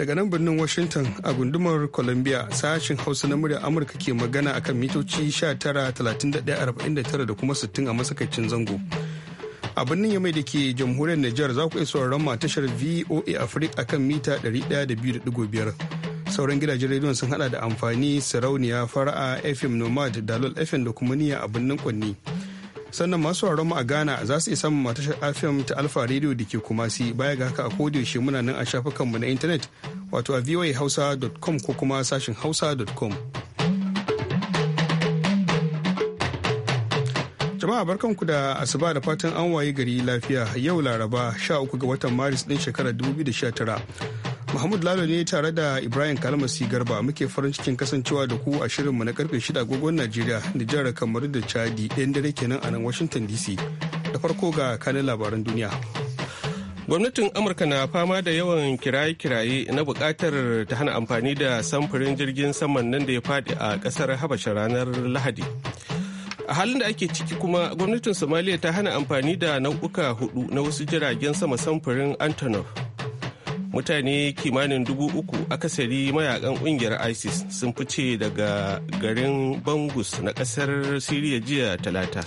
daga nan birnin washington a gundumar columbia sashen hausa na murya amurka ke magana akan mitoci 19,31,49 da kuma 60 a masakacin zango a birnin yamai da ke jamhuriyar niger za ku iya sauraron ma tashar voa africa akan mita 102.5 sauran gidajen rediyon sun hada da amfani sarauniya fara'a fm nomad dalol fm da kuma niyya a birnin kwanni sannan masu mu a ghana za su iya samun matashar afm ta alfa rediyo da ke kumasi baya ga haka a kodiyaushe muna nan a shafukanmu na intanet wato a voahausa.com ko kuma sashin hausa.com jama'a barkanku da asuba da fatan an waye gari lafiya yau laraba 13 ga watan maris din shekarar 2019 Mahmud Lalo ne tare da Ibrahim Kalmasi Garba muke farin cikin kasancewa da ku a shirinmu na karfe 6 agogon Najeriya, da jihar kamar da Chadi ɗayan dare kenan a nan Washington DC. Da farko ga kanin labaran duniya. Gwamnatin Amurka na fama da yawan kiraye-kiraye na buƙatar ta hana amfani da samfurin jirgin saman nan da ya faɗi a ƙasar Habasha ranar Lahadi. a halin da ake ciki kuma gwamnatin Somalia ta hana amfani da nau'uka hudu na wasu jiragen sama samfurin antonov mutane kimanin dubu uku akasari mayakan kungiyar isis sun fice daga garin bangus na kasar siriya jiya talata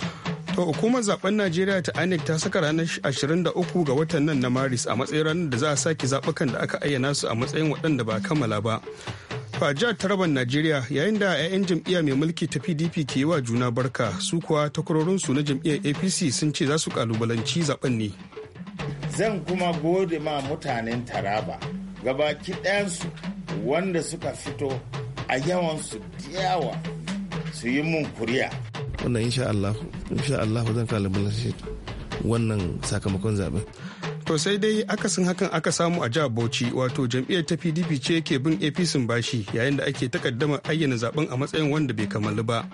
To hukumar zaben Najeriya ta INEC ta saka ranar 23 ga watan nan na Maris a matsayin ranar da za a sake zabukan da aka ayyana su a matsayin waɗanda ba kammala ba. a jihar Taraban Najeriya yayin da 'ya'yan jam'iyya mai mulki ta PDP ke yi wa juna barka su kuwa takwarorinsu na jam'iyyar APC sun ce za su kalubalanci zaben ne. zan kuma gode ma mutanen taraba gabaki ɗayansu wanda suka fito a yawansu yawa su yi mun kuriya wannan insha Allah insha Allah zan wannan sakamakon zaɓe. to sai dai akasin hakan aka samu a jihar Bauchi wato jam'iyyar ta PDP ce ke bin APC bashi yayin da ake takaddama ayyana zaben a matsayin wanda bai kammalu ba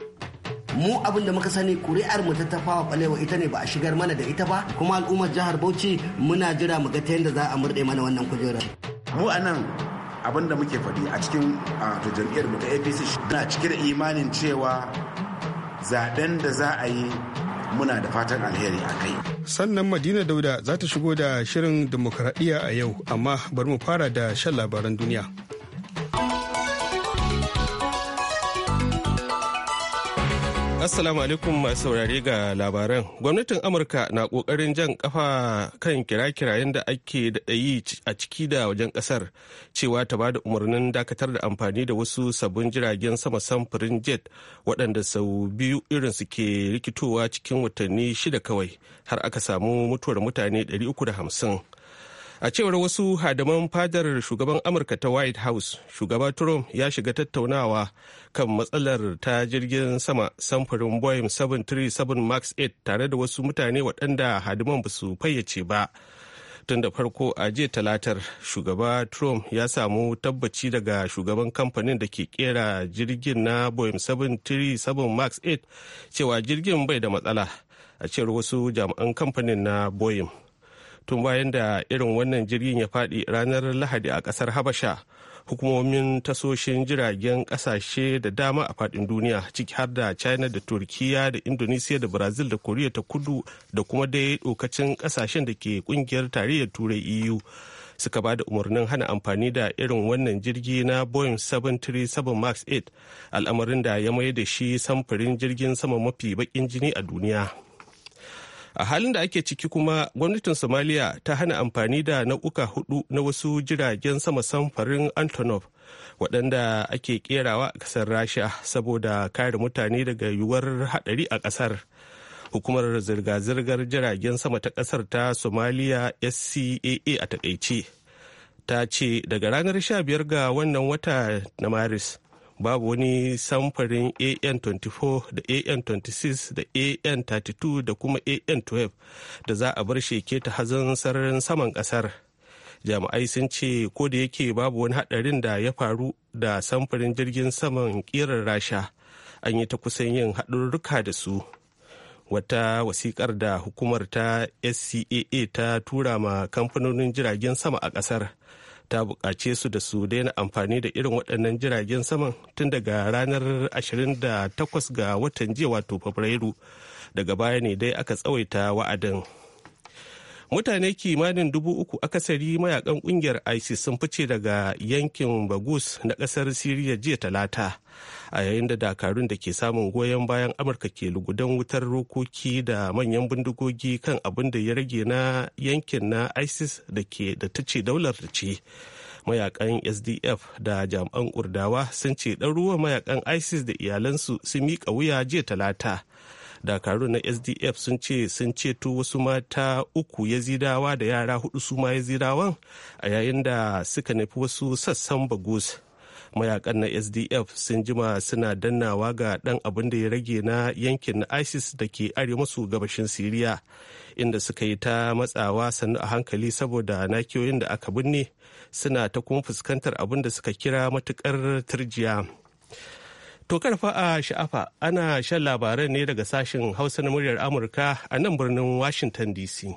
mu abin da muka sani kuri'ar mu ta tafawa balewa ita ne ba a shigar mana da ita ba kuma al'ummar jihar Bauchi muna jira mu ga ta yadda za a murɗe mana wannan kujerar mu anan abin da muke faɗi a cikin to jam'iyyar mu ta APC na cike da imanin cewa zaben da za a yi muna da fatan alheri a kai. Sannan Madina Dauda za ta shigo da shirin demokradiyya a yau, amma bari mu fara da shan labaran duniya. Assalamu alaikum masu saurari ga labaran. Gwamnatin Amurka na kokarin jan kafa kan kira-kirayen da ake yi a ciki da wajen kasar cewa ta bada umarnin dakatar da amfani da wasu sabbin jiragen sama samfurin jet waɗanda sau biyu irin su ke rikitowa cikin watanni shida kawai har aka samu mutuwar mutane 350. A cewar wasu hadaman fadar shugaban Amurka ta White House, shugaba Trump ya shiga tattaunawa kan matsalar ta jirgin sama samfurin Boeing 737 Max 8 tare da wasu mutane waɗanda hadiman ba su fayyace ba. Tun da farko a jiya talatar, shugaba Trump ya samu tabbaci daga shugaban kamfanin da ke kera jirgin na Boeing 737 Max 8 cewa jirgin bai da matsala a cewar wasu jami'an kamfanin na Boeing. tun bayan da irin wannan jirgin ya faɗi ranar lahadi a ƙasar habasha hukumomin tasoshin jiragen ƙasashe da dama a faɗin duniya ciki har da china da turkiya da indonesia da brazil da koriya ta kudu da kuma dai ɗokacin ƙasashen da ke ƙungiyar tarayyar turai eu suka ba da umarnin hana amfani da irin wannan jirgi na boeing 737 max 8 al'amarin da ya mai da shi samfurin jirgin sama mafi bakin jini a duniya a halin da ake ciki kuma gwamnatin somaliya ta hana amfani da nau'uka hudu na wasu jiragen sama samfarin antonov waɗanda ake kerawa a ƙasar rasha saboda kare mutane daga yiwuwar haɗari a ƙasar hukumar zirga-zirgar jiragen sama ta ƙasar ta somaliya scaa a takaice ta ce daga ranar 15 ga wannan wata na maris babu wani samfarin an24 da an26 da an32 da kuma an12 da za a bar sheke ta hazin sararin saman kasar jami'ai sun ce ko da yake babu wani hadarin da ya faru da samfarin jirgin saman kirar rasha an yi ta kusan yin haɗurruka da su wata wasiƙar da hukumar ta scaa ta tura ma kamfanonin jiragen sama a ƙasar ta buƙace su da su daina amfani da irin waɗannan jiragen saman tun daga ranar 28 ga watan jiya wato fabrairu daga baya ne dai aka tsawaita wa'adin. mutane kimanin dubu uku akasari mayakan kungiyar isis sun fice daga yankin bagus na kasar siriya jiya talata a yayin da dakarun da ke samun goyon bayan amurka ke lugudan wutar rokoki da manyan bindigogi kan abin da ya rage na yankin na isis da ke da ta ce daular da ce mayakan sdf da jami'an kurdawa sun ce ɗaruwa mayakan isis da iyalansu sun miƙa wuya jiya talata dakaru na sdf sun ce sun ceto wasu mata uku yazidawa da yara hudu su ma yazidawan a yayin da suka nufi wasu sassan bagus mayakan na sdf sun jima suna dannawa ga dan abin da ya rage na yankin na isis da ke arewa su gabashin siriya inda suka yi ta matsawa sannu a hankali saboda nakiyoyin da aka binne suna ta kuma fuskantar abin da suka kira matukar turjiya To karfa a sha'afa ana shan labaran ne daga sashen Hausa na muryar Amurka a nan birnin Washington DC.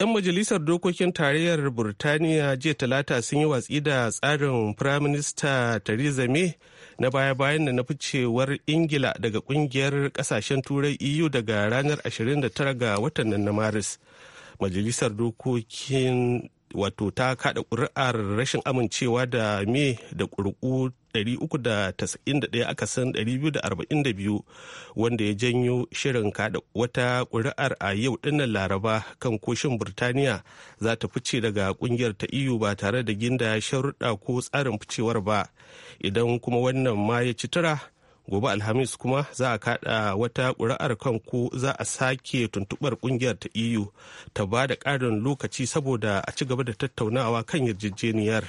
‘Yan majalisar dokokin tarayyar Burtaniya jiya talata sun yi watsi da tsarin Firaminista Theresa May na baya-bayan da na ficewar ingila daga kungiyar kasashen turai eu daga ranar 29 ga watan nan na maris majalisar dokokin wato ta kada kuri'ar rashin amincewa da me da kurku 391 aka san 242 wanda ya janyo shirin kada wata kuri'ar a yau dinnan laraba kan koshin burtaniya za ta fice daga kungiyar ta iyu e ba tare da ginda sharuɗa ko tsarin ficewar ba idan kuma wannan ma ya ci tura gobe alhamis kuma za a kada wata ƙuri'ar kan ko za a sake tuntubar kungiyar ta eu ta ba da ƙarin lokaci saboda a ci gaba da tattaunawa kan yarjejeniyar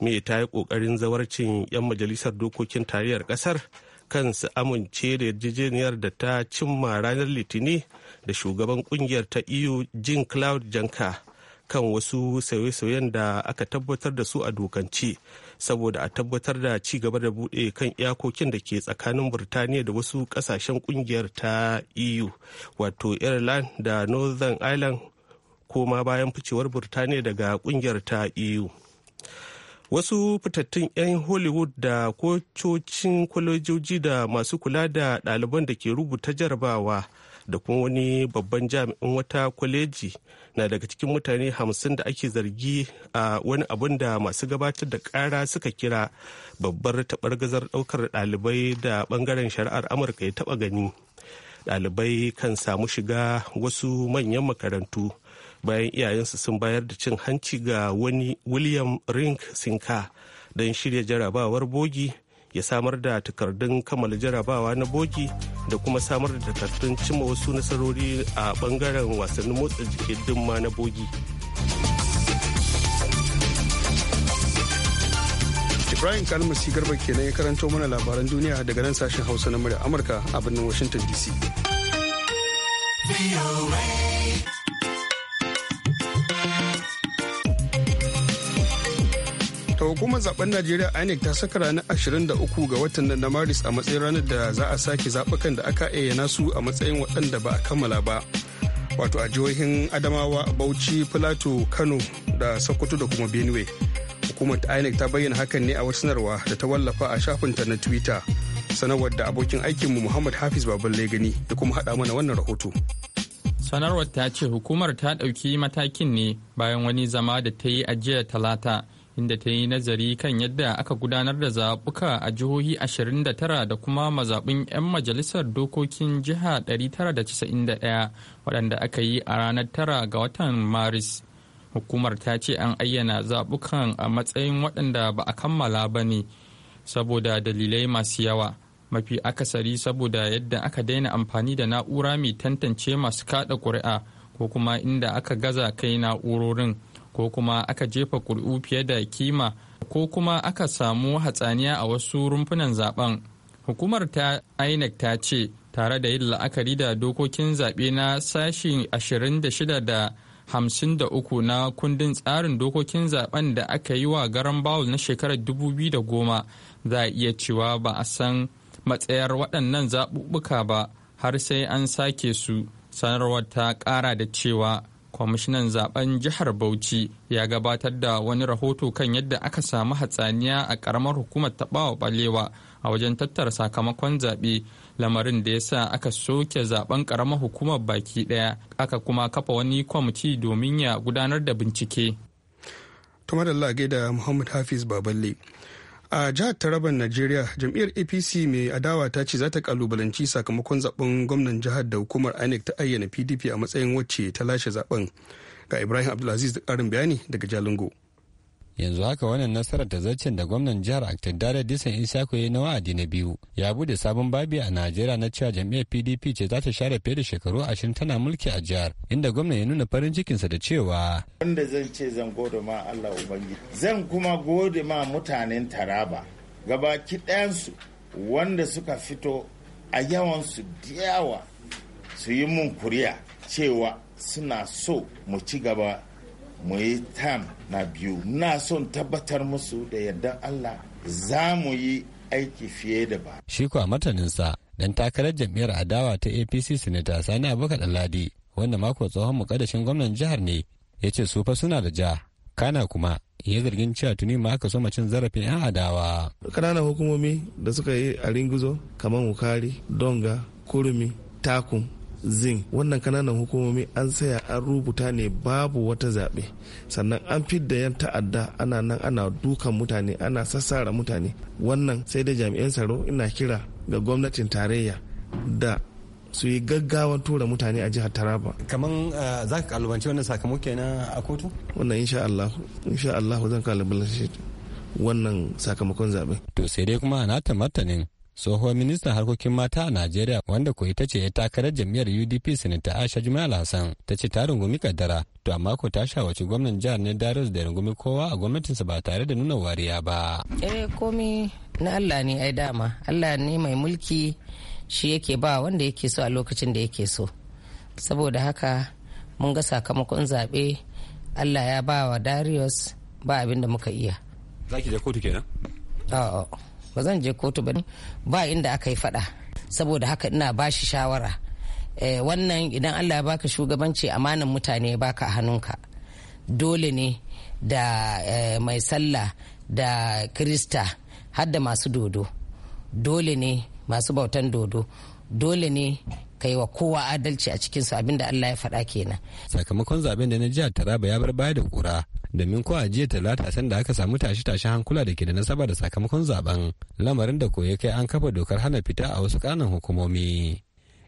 me ta yi ƙoƙarin zawarcin 'yan majalisar dokokin tarayyar ƙasar kan su amince da yarjejeniyar da ta cimma ranar litini da shugaban kungiyar ta eu jean claude janka kan wasu sauye-sauyen da aka tabbatar da su a dokance saboda a tabbatar da ci gaba da buɗe kan iyakokin da ke tsakanin Burtaniya da wasu ƙasashen ƙungiyar ta EU wato Ireland da Northern Ireland koma bayan ficewar Burtaniya daga ƙungiyar ta EU. wasu fitattun 'yan hollywood da kococin kwalejoji da masu kula da ɗaliban da ke rubuta jarabawa da kuma wani babban jami'in wata kwaleji na daga cikin mutane hamsin da ake zargi a wani abun da masu gabatar da kara suka kira babbar taɓargazar ɗaukar ɗalibai da ɓangaren shari'ar amurka ya taɓa gani ɗalibai kan samu shiga wasu manyan makarantu bayan iyayensu sun bayar da cin hanci ga wani william ring sinka don shirya jarabawar bogi ya samar da takardun kammala jarabawa na bogi da kuma samar da takardun cimma wasu nasarori a bangaren wasannin motsa jikin dimma na bogi ibrahim kalmasi garba kenan ya karanto mana labaran duniya daga nan sashen hausa na murya amurka a birnin washington dc ta hukumar zaben najeriya inec ta saka ranar 23 ga watan na maris a matsayin ranar da za a sake zaɓukan da aka ayyana su a matsayin waɗanda ba a kammala ba wato a jihohin adamawa bauchi filato kano da sokoto da kuma benue hukumar ta inec ta bayyana hakan ne a wasu sanarwa da ta wallafa a shafin ta na twitter sanarwar da abokin aikinmu muhammad hafiz baban Legani da kuma haɗa mana wannan rahoto sanarwar ta ce hukumar ta ɗauki matakin ne bayan wani zama da ta yi a jiya talata inda ta yi nazari kan yadda aka gudanar da zaɓuka a jihohi 29 da kuma mazaɓin 'yan majalisar dokokin jiha 991 waɗanda aka yi a ranar 9 ga watan maris hukumar ta ce an ayyana zaɓukan a matsayin waɗanda ba a kammala ba ne saboda dalilai masu yawa mafi akasari saboda yadda aka daina amfani da na'ura mai tantance masu kaɗa ƙuri'a ko kuma inda aka gaza kai na'urorin. ko kuma aka jefa ƙuri'u fiye da kima ko kuma aka samu hatsaniya a wasu rumfunan zaben hukumar ta inec ta ce tare da yin la'akari da dokokin zaɓe na sashi 26 da 53 na kundin tsarin dokokin zaben da aka yi wa garan bawul na shekarar 2010 za a iya cewa ba a san matsayar waɗannan zaɓuɓɓuka ba har sai an sake su sanarwar ta ƙara da cewa kwamishinan zaben jihar bauchi ya gabatar da wani rahoto kan yadda aka samu hatsaniya a karamar hukumar taɓawa ɓalewa a wajen tattara sakamakon zaɓe lamarin da ya sa aka soke zaben karamar hukumar baki ɗaya aka kuma kafa wani kwamiti domin ya gudanar da bincike. tumadalla gaida muhammad hafiz baballe a jihar taraban najeriya jam'iyyar apc mai adawa ta ce za ta kalubalanci sakamakon zaben gwamnan jihar da hukumar inec ta ayyana pdp a matsayin wacce ta lashe zaben ga ibrahim abdulaziz da karin bayani daga jalingo yanzu haka wannan nasarar ta zarcen da gwamnan jihar aktadare disan isaku ya na wa'adi na biyu ya bude sabon babi a najeriya na cewa jam'iyyar pdp ce za ta share fiye da shekaru ashirin tana mulki a jihar inda gwamnan ya nuna farin cikinsa da cewa wanda zan ce zan gode ma allah ubangiji zan kuma gode ma mutanen taraba gabaki ɗayansu wanda suka fito a yawan su yawa su yi mun kuriya cewa suna so mu ci gaba mu yi tam na biyu muna son tabbatar musu da yadda allah za mu yi aiki fiye da ba shi kuwa martaninsa dan takarar jam'iyyar adawa ta apc sinata sani abubakar aladi wanda mako tsohon mukaddashin gwamnan jihar ne ya ce su fa suna da ja kana kuma ya zargin cewa tuni ma aka soma cin zarafin 'yan adawa kananan hukumomi da suka yi a ringizo kamar wukari donga kurmi takun zin wannan kananan hukumomi an saya an rubuta ne babu wata zaɓe sannan an fidda yan ta'adda ana nan ana dukan mutane ana sassara mutane wannan sai da jami'an tsaro ina kira ga gwamnatin tarayya da su yi gaggawan tura mutane a jihar Taraba. Kaman eh, za ka kalubalance wannan sakamako na a kotu? Wannan insha Allah, insha Allah zan kalubalance wannan sakamakon zaɓe. To sai dai kuma na ta martanin tsohuwar ministan harkokin mata a najeriya wanda ko ita ce ya takarar jam'iyyar udp sinita aisha jimal hassan ta ce ta rungumi kaddara to a mako ta shawarci gwamnan jihar ne darius da rungumi kowa a gwamnatinsa ba tare da nuna wariya ba eh komi na allah ne ai dama allah ne mai mulki shi yake ba wanda yake so a lokacin da yake so saboda haka mun ga sakamakon zaɓe allah ya ba wa darius ba abin muka iya za ki je kotu kenan a'a ba zan je kotu ba ba inda aka yi fada saboda haka ina bashi shawara eh, wannan idan allah ya baka shugabanci amanan mutane ya baka a hannunka dole ne da eh, mai sallah da krista har da masu dodo dole ne masu bautan dodo dole ne ka yi wa kowa adalci a cikinsu abinda allah ya faɗa kenan sakamakon zaben da na jihar taraba ya bar baya da kura domin ko a jiya talata sanda aka samu tashe-tashen hankula da ke da nasaba da sakamakon zaben lamarin da koya kai an kafa dokar hana fita a wasu kanan hukumomi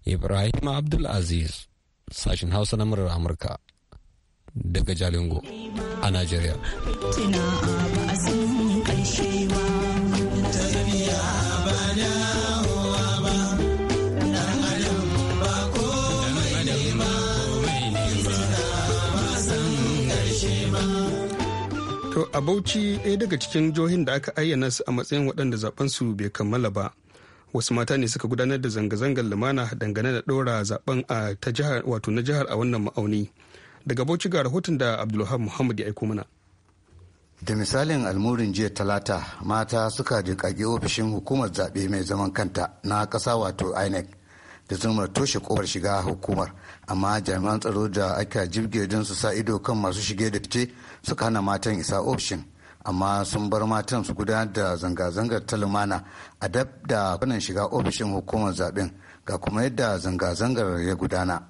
ibrahim abdul aziz sashen hausa na murar amurka daga jalingo a nigeria To a Bauchi ɗaya daga cikin jihohin da aka ayyana su a matsayin waɗanda zaben su bai kammala ba. Wasu mata ne suka gudanar da zanga-zangar lumana dangane da ɗora zaben a ta jihar wato na jihar a wannan ma'auni. Daga Bauchi ga rahoton da Abdulhamid Muhammad ya aiko mana. da misalin almurin jiya talata mata suka jiƙaƙi ofishin hukumar zaɓe mai zaman kanta na ƙasa wato inec da zama toshe kofar shiga hukumar amma jami'an tsaro da aka jirge don su sa ido kan masu shige da fice suka hana matan isa ofishin amma sun bar matan su gudanar da zanga-zangar ta lumana a dab da kwanan shiga ofishin hukumar zaben ga kuma yadda zanga-zangar ya gudana.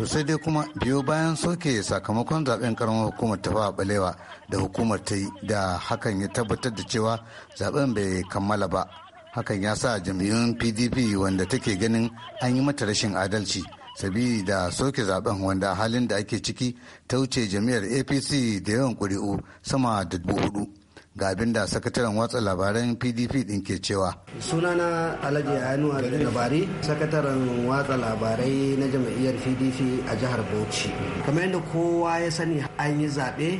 to sai dai kuma biyo bayan soke sakamakon zaben karamar hukumar ta fara balewa da hukumar ta yi da hakan ya tabbatar da cewa zaben bai kammala ba hakan ya sa jam'iyyun pdp wanda take ganin an yi mata rashin adalci sabida da soke zaben wanda halin da ake ciki ta wuce jami'ar apc da yawan ƙuri'u sama da dubu hudu ga abin da sakataren watsa labaran pdp din ke cewa sunana alhaji anu labari sakataren watsa labarai na jam'iyyar pdp a jihar bauchi kamar yadda kowa ya sani an yi zaɓe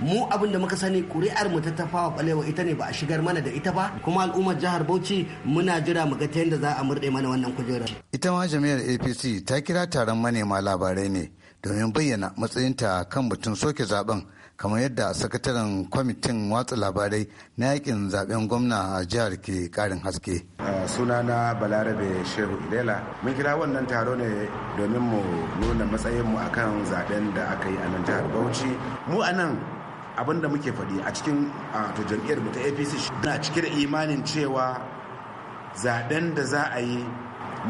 mu abin da muka sani kuri'ar mu ta tafawa balewa ita ne ba a shigar mana da ita ba kuma al'ummar jihar Bauchi muna jira mu ga ta yadda za a murɗe mana wannan kujerar ita ma jami'ar APC ta kira taron manema labarai ne domin bayyana matsayinta kan batun soke zaben kamar yadda sakataren kwamitin watsa labarai na yakin zaben gwamna a jihar ke karin haske. sunana balarabe shehu ilela mun kira wannan taro ne domin mu nuna matsayinmu akan zaben da aka yi a nan jihar bauchi mu a nan abin da muke faɗi a cikin to jam'iyyar mu ta apc na cike da imanin cewa zaben da za a yi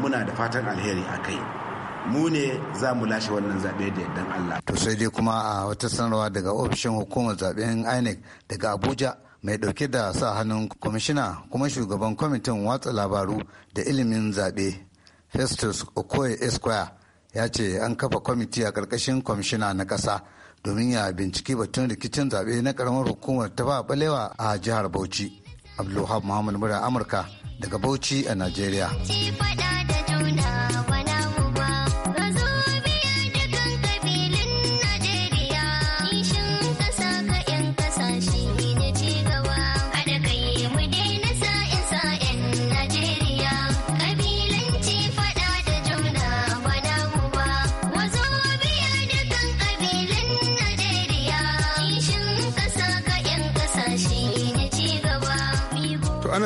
muna da fatan alheri a kai mu ne za mu lashe wannan zaɓe da yardan Allah. To sai dai kuma a wata sanarwa daga ofishin hukumar zaɓen INEC daga Abuja mai ɗauke da sa hannun kwamishina kuma shugaban kwamitin watsa labaru da ilimin zaɓe Festus Okoye Esquire ya ce an kafa kwamiti a ƙarƙashin kwamishina na ƙasa domin ya binciki batun rikicin zaɓe na ƙaramar hukumar ta ba balewa a jihar Bauchi. Abdulwahab Muhammad Mura Amurka daga Bauchi a Najeriya.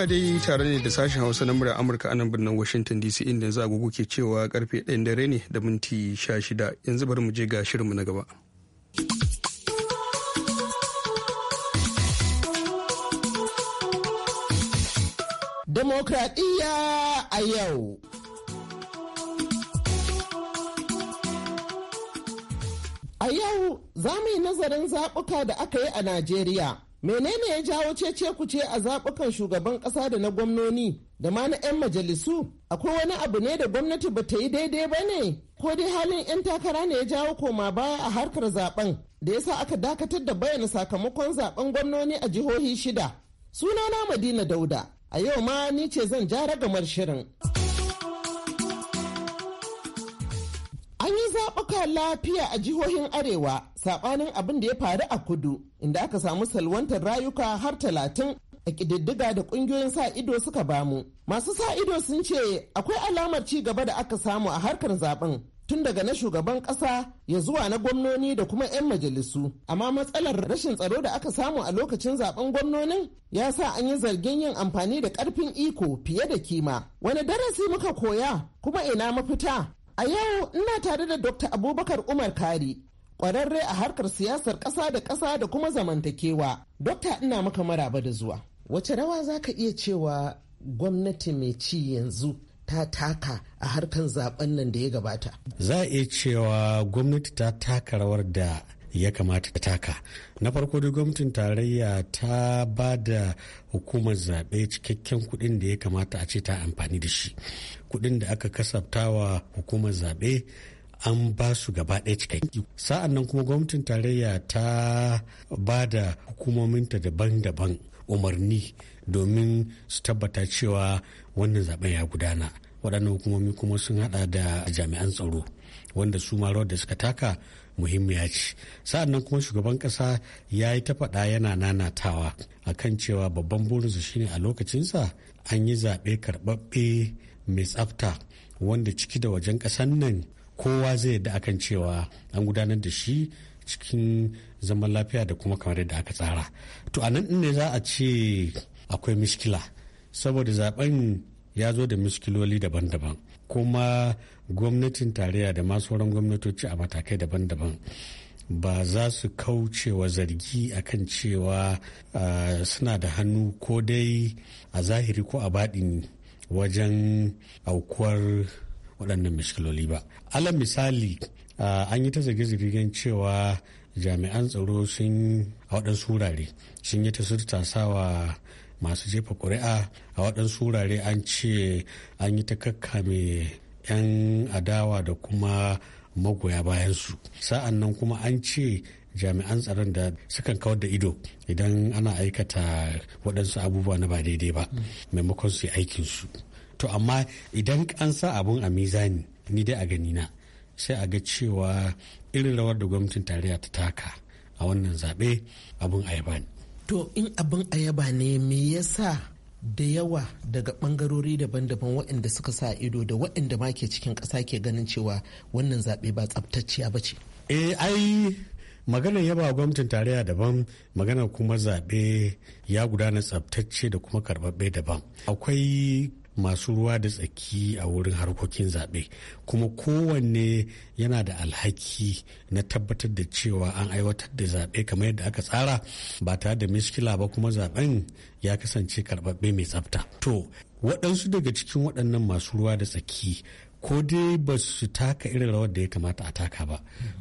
Kuna dai tare ne da sashen Hausa na murya Amurka anan birnin Washington DC inda yanzu agogo ke cewa karfe 1 dare ne da minti 16 yanzu bari mu je ga shirinmu na gaba. Demokradiyya a yau. A yau za mu yi nazarin zaɓuka da aka yi a Najeriya. menene ya jawo cece kuce a zaɓukan shugaban ƙasa da na gwamnoni da ma na 'yan majalisu akwai wani abu ne da gwamnati ba ta yi daidai ba ne ko dai halin 'yan takara ne ya jawo koma baya a harkar zaɓen da ya sa aka dakatar da bayyana sakamakon zaɓen gwamnoni a jihohi shida sunana madina dauda a yau ma ni ce zan ja ragamar shirin. zaɓuka lafiya a jihohin arewa saɓanin abin da ya faru a kudu inda aka samu salwantar rayuka har talatin a ƙididdiga da ƙungiyoyin sa ido suka bamu masu sa ido sun ce akwai alamar ci gaba da aka samu a harkar zaɓen tun daga na shugaban ƙasa ya zuwa na gwamnoni da kuma 'yan majalisu amma matsalar rashin tsaro da aka samu a lokacin zaben gwamnonin ya sa an yi zargin yin amfani da ƙarfin iko fiye da kima wani darasi muka koya kuma ina mafita A yau ina tare da Dr. Abubakar Umar Kari, ƙwararre a harkar siyasar ƙasa da ƙasa da kuma zamantakewa. Dokta ina maka maraba da zuwa. Wace rawa za ka iya cewa gwamnati mai ci yanzu ta taka a harkar zaben nan da ya gabata? Za a iya cewa gwamnati ta taka rawar da ya kamata ta taka na farko da gwamnatin tarayya ta ba da hukumar zaɓe cikakken kuɗin da ya kamata a ce ta amfani da shi kuɗin da aka wa hukumar zaɓe an ba su gaba ɗaya cikakki sa'an nan kuma gwamnatin tarayya ta ba da hukumominta daban-daban umarni domin su tabbata cewa wannan zaben ya gudana waɗannan hukumomi kuma sun hada da jami'an tsaro wanda su ma rawar da suka taka muhimmiya ce sa'an nan kuma shugaban kasa ya yi ta faɗa yana nanatawa a kan cewa babban burinsa shine a lokacinsa an yi zaɓe karɓaɓɓe mai tsafta wanda ciki da wajen ƙasan nan kowa zai yadda akan cewa an gudanar da shi cikin zaman lafiya da kuma kamar yadda aka tsara to a nan ne za a ce akwai miskila saboda zaben ya zo da miskiloli daban-daban kuma gwamnatin tarayya da masu sauran gwamnatoci a matakai daban-daban ba za su kaucewa zargi akan cewa suna da hannu ko dai a zahiri ko a baɗin wajen aukuwar waɗannan mishkiloli ba alal misali an yi ta zirge-zirgen cewa jami'an tsaro sun a waɗansu wurare sun yi ta sawa. masu jefa ƙuri'a a waɗansu wurare an ce an yi ta kakkame 'yan adawa da kuma magoya bayansu sa'an nan kuma an ce jami'an tsaron da sukan kawar da ido idan ana aikata waɗansu abubuwa na ba daidai ba maimakon su yi aikinsu to amma idan an sa abun a mizani ni dai a na sai a ga cewa irin rawar da gwamnatin tarayya ta taka a wannan zaɓe abun ayaba to in abin ayaba ne me yasa da yawa daga bangarori daban-daban waɗanda suka sa ido da waɗanda ma ke cikin ƙasa ke ganin cewa wannan zaɓe ba tsabtacciya ba ce. eh ai maganar yaba gwamnatin tarayya daban maganar kuma zaɓe ya gudana tsabtacce da kuma karɓaɓɓe daban akwai masu ruwa da tsaki a wurin harkokin zaɓe kuma kowanne yana da alhaki na tabbatar da cewa an aiwatar da zaɓe kamar yadda aka tsara ba tare da miskila ba kuma zaɓen ya kasance karɓaɓɓe mai tsafta to waɗansu daga cikin waɗannan masu ruwa da tsaki ko dai ba su taka irin rawar da ya kamata a taka ba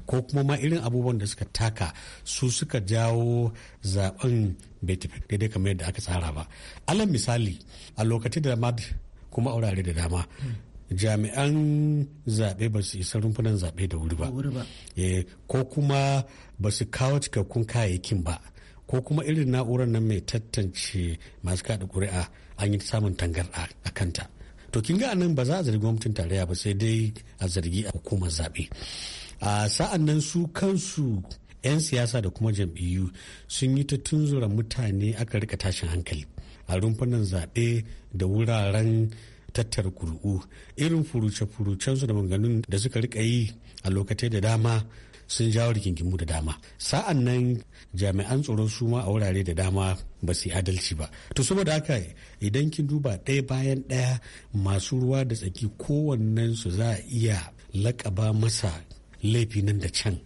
ko kuma ma irin abubuwan da suka taka su suka jawo zaben bai tafi daidai kamar yadda aka tsara ba alal misali a lokacin da mad kuma wurare da dama jami'an zaɓe ba su isa rumfunan zaɓe da wuri ba eh, ko kuma ba su kawo cikakkun kayayyakin ba ko kuma irin na'urar nan mai tantance masu kaɗa ƙuri'a an yi samun tangarɗa a kanta to kin ga anan ba za a zargi gwamnatin tarayya ba sai dai a zargi a hukumar zaɓe a sa'an nan su kansu 'yan siyasa da kuma jam'iyyu sun yi ta tunzura mutane aka rika tashin hankali a rumfunan zaɓe da wuraren tattara kuri'u irin furuce-furucensu da maganganun da suka rika yi a lokacin da dama sun jawo rigingimu da dama sa'an nan jami'an tsoron su ma a wurare da dama ba su yi adalci ba to saboda haka idan kin duba ɗaya bayan ɗaya masu ruwa da tsaki kowannen su za a iya lakaba masa laifi nan da can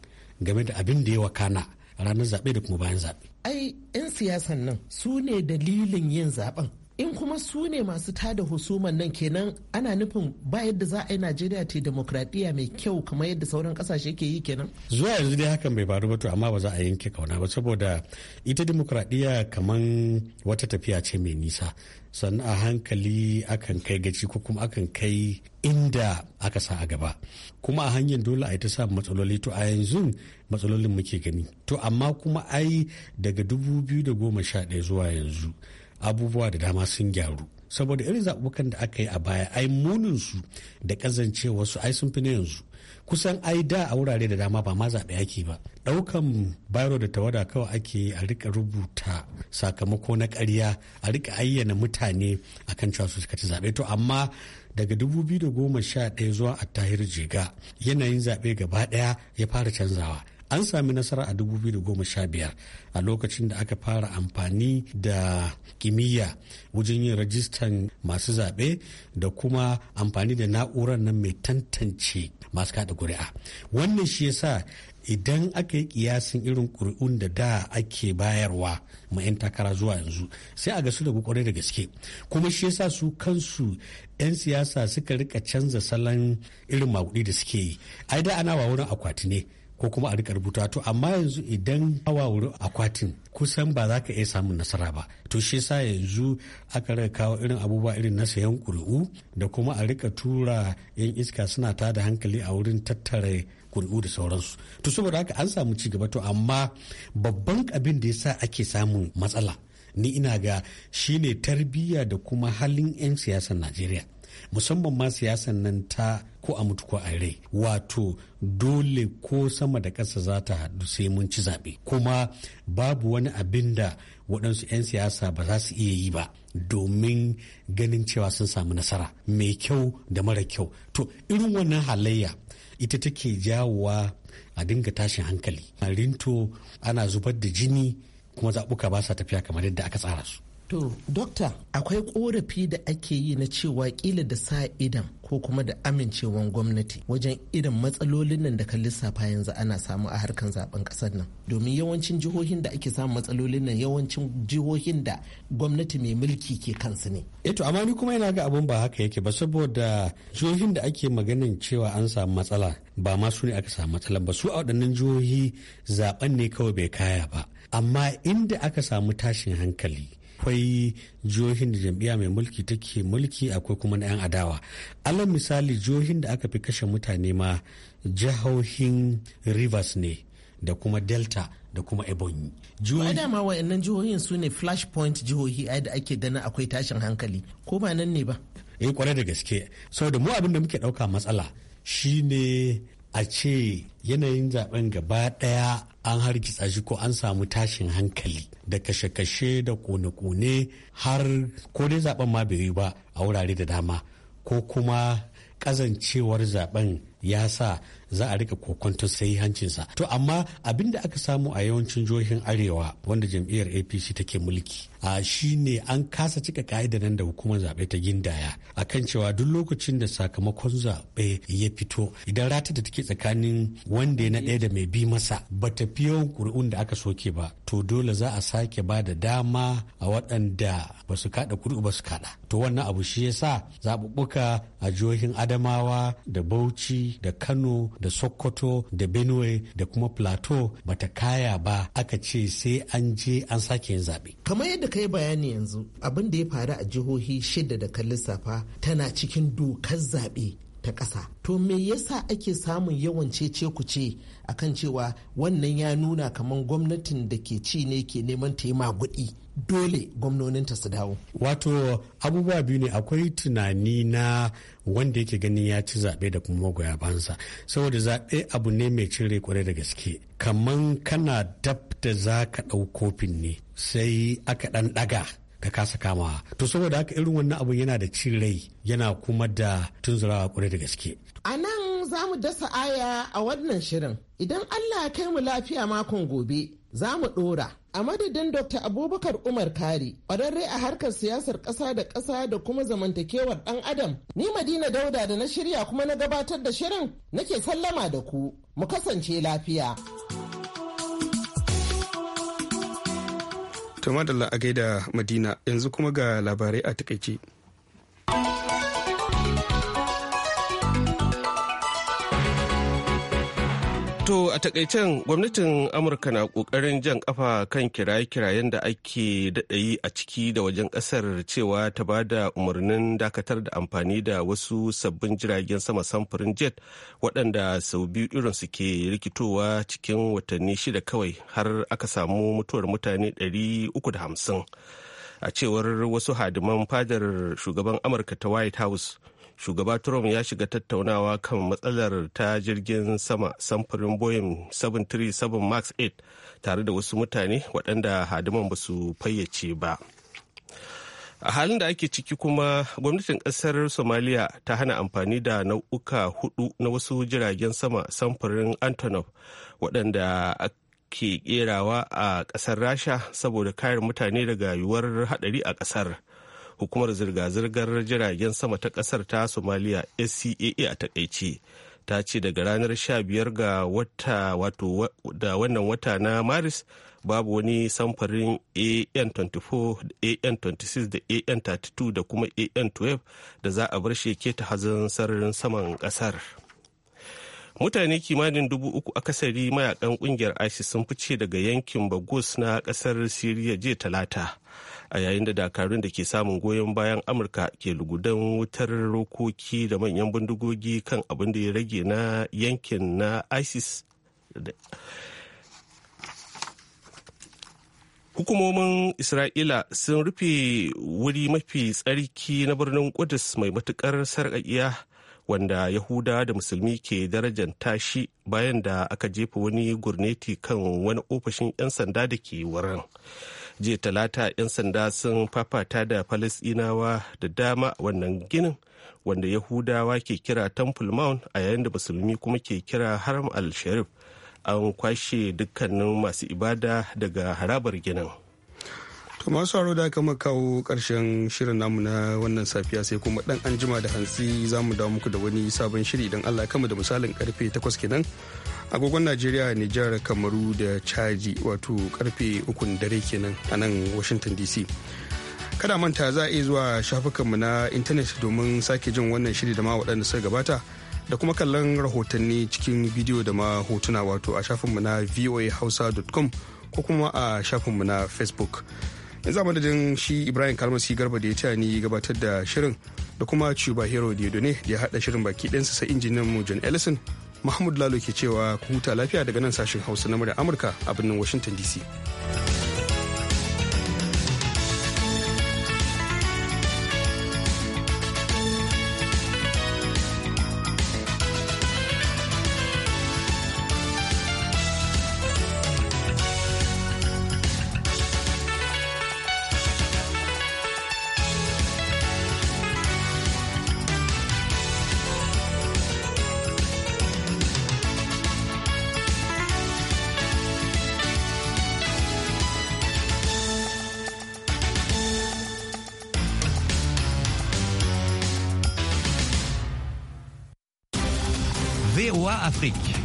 game da abin da ya wakana ranar zaɓe da kuma bayan zaɓe ai 'yan siyasan nan su ne dalilin yin zaɓen in kuma su ne masu tada husuman nan kenan ana nufin ba yadda za a yi najeriya ta demokradiyya mai kyau kamar yadda sauran kasashe ke yi kenan zuwa yanzu dai hakan bai faru ba to amma ba za a yanke kauna ba saboda ita demokradiyya kamar wata tafiya ce mai nisa sannan a hankali akan kai gaci ko kuma akan kai inda aka sa a gaba kuma a hanyar dole a yi ta sa matsaloli to a yanzu matsalolin muke gani to amma kuma ai daga dubu biyu da sha 2011 zuwa yanzu abubuwa da dama sun gyaru saboda irin zaɓuɓɓukan da aka yi a baya ai munin su da wasu ai sun fi na yanzu kusan ai da a wurare da dama ba ma zaɓe ake ba ɗaukan bayro da tawada kawai ake a rika rubuta sakamako na ƙarya a rika ayyana mutane akan cewa su suka ci zaɓe to amma daga 2011 zuwa a tahir jiga yanayin zaɓe gaba ɗaya ya fara canzawa an sami nasara a 2015 a lokacin da aka fara amfani da kimiyya wajen yin rajistan masu zaɓe da kuma amfani da na'urar nan mai tantance masu kada kuri'a wannan shi yasa idan aka yi kiyasin irin ƙuri'un da da ake bayarwa ma 'yan takara zuwa yanzu sai a ga su da kwarai da gaske kuma shi yasa su kansu 'yan siyasa suka rika canza salon irin maguɗi da suke yi ai da ana wa wurin akwati ne ko kuma a rika rubuta to amma yanzu idan awa wuri akwatin kusan ba za ka iya samun nasara ba to shi sa yanzu aka rika kawo irin abubuwa irin na sayan kuri'u da kuma a rika tura yan iska suna ta da hankali a wurin tattara kuri'u da sauransu to saboda haka an samu ci gaba to amma babban abin da yasa ake samun matsala ni ina ga shine tarbiyya da kuma halin 'yan siyasar najeriya musamman ma siyasan nan ta ko a mutu ko a rai wato dole ko sama da ƙasa za ta haɗu sai mun ci zaɓe kuma babu wani abin da waɗansu 'yan siyasa ba za su iya yi ba domin ganin cewa sun samu nasara mai kyau da mara kyau to irin wannan halayya ita take jawowa a dinga tashin hankali a rinto ana zubar da jini kuma zaɓuka ba sa tafiya kamar yadda aka tsara su To, Dokta, akwai korafi da ake yi na cewa kila da sa idan ko kuma da amincewan gwamnati wajen irin matsalolin nan da kan lissafa yanzu ana samu a harkar zaben kasar nan. Domin yawancin jihohin da ake samun matsalolin nan yawancin jihohin da gwamnati mai mulki ke kansu ne. Eto, eh amma ni kuma yana ga abun ba haka yake ba saboda jihohin da ake maganin cewa an samu matsala ba ma su ne aka samu matsala ba su a waɗannan jihohi zaben ne kawai bai kaya ba. Amma inda aka samu tashin hankali akwai jihohin da jam'iyya mai mulki take mulki akwai kuma na 'yan adawa alal misali jihohin da aka fi kashe mutane ma jihohin rivers ne da kuma delta da kuma ebonyi jihohi ma wa'annan jihohin su ne flashpoint jihohi ai da ake dana akwai tashin hankali ko ba nan ne ba eh kwarai da gaske saboda mu abin da muke dauka matsala shine a ce yanayin zaben gaba daya an hargitsa shi ko an samu tashin hankali da kashe-kashe da kone-kone har ko dai zaben ma bai yi ba a wurare da dama ko kuma kazancewar zaben ya sa za a rika kokonton hancinsa to amma abin da aka samu a yawancin jihohin arewa wanda jam'iyyar apc take mulki a shine an kasa cika ka'ida nan da hukumar zaɓe ta gindaya akan cewa duk lokacin da sakamakon zaɓe ya fito idan rata da take tsakanin wanda ya na ɗaya da mai bi masa ba ta fi yawan ƙuri'un da aka soke ba to dole za a sake ba da dama a waɗanda ba su kaɗa ƙuri'u ba su kaɗa to wannan abu shi ya sa zaɓuɓɓuka a jihohin adamawa da bauchi da kano da da sokoto da benue da kuma plateau bata kaya ba aka ce sai an je an sake yin zaɓe kamar yadda ka yi bayani yanzu abin da ya faru a jihohi shida da ka lissafa tana cikin dokar zaɓe ta ƙasa to me yasa ake samun yawan cece kuce akan cewa wannan ya nuna kamar gwamnatin da ke ci ne ke neman ta yi maguɗi dole gwamnoninta su dawo wato abubuwa biyu ne akwai tunani na wanda yake ganin ya ci zaɓe da kuma magoya bansa saboda zaɓe abu ne mai cire kwarai da gaske kaman kana dab da za ka ɗau kofin ne sai aka ɗan ɗaga ka kasa kama to saboda haka irin wannan abu yana da cin rai yana kuma da tunzurawa kure da gaske a nan za mu dasa aya a wannan shirin idan allah ya kai mu lafiya makon gobe za mu dora a madadin dr abubakar umar kari ƙwararre a harkar siyasar ƙasa da ƙasa da kuma zamantakewar ɗan adam ni madina dauda da na shirya kuma na gabatar da shirin nake sallama da ku mu kasance lafiya. To madalla a gaida Madina yanzu kuma ga labarai a takaice. a takaicen gwamnatin Amurka na kokarin jan kafa kan kiraye-kirayen da ake daɗayi a ciki da wajen ƙasar cewa ta ba da umarnin dakatar da amfani da wasu sabbin jiragen sama samfurin jet waɗanda sau biyu irin su ke rikitowa cikin watanni shida kawai har aka samu mutuwar mutane 350 a cewar wasu hadiman fadar shugaban Amurka ta White House. shugaba trump ya shiga tattaunawa kan matsalar ta jirgin sama samfurin boeing 737 max 8 tare da wasu mutane waɗanda hadiman ba su fayyace ba a halin da ake ciki kuma gwamnatin ƙasar Somalia ta hana amfani da nau'uka hudu na wasu jiragen sama samfurin antonov waɗanda ke kerawa a ƙasar rasha saboda kayan mutane daga yiwuwar haɗari a ƙasar hukumar zirga-zirgar jiragen sama ta kasar ta somalia scaa a takaici ta ce daga ranar 15 ga wata wato da wannan wata na maris babu wani samfarin an24 an26 da an32 da kuma an12 da za a bar sheke ta hazin sararin saman kasar mutane kimanin dubu uku akasari mayakan kungiyar isis sun fice daga yankin bagos na kasar siriya jiya talata a yayin da dakarun da ke samun goyon bayan amurka ke lugudan wutar rokoki da manyan bindigogi kan abin da ya rage na yankin na isis hukumomin isra'ila sun rufe wuri mafi tsarki na birnin kudus mai matukar sarƙaƙiya wanda yahuda da musulmi ke darajanta tashi bayan da aka jefa wani gurneti kan wani ofishin 'yan sanda da ke wurin jiya talata 'yan sanda sun fafata da falasinawa da dama a wannan ginin wanda yahudawa ke kira temple mount a yayin da musulmi kuma ke kira haram al-sharif an kwashe dukkanin masu ibada daga harabar ginin to masu haro da aka kawo karshen shirin namu na wannan safiya sai kuma dan anjima da hantsi za mu dawo muku da wani sabon shiri idan allah kama da misalin karfe 8 kenan agogon najeriya nijar kamaru da caji wato karfe ukun dare kenan a nan washington dc kada manta za a iya zuwa shafukanmu na intanet domin sake jin wannan shiri da ma waɗanda suka gabata da kuma kallon rahotanni cikin bidiyo da ma hotuna wato a shafinmu na voahausa.com ko kuma a shafinmu na facebook yanzu madadin shi ibrahim kalmasi garba da ya taya ni gabatar da shirin da kuma cuba hero da ya haɗa shirin baki ɗansa sai injiniyan mu john ellison Mahmud Lalo ke cewa ku huta lafiya daga nan sashen Hausa na murya Amurka a birnin Washington DC.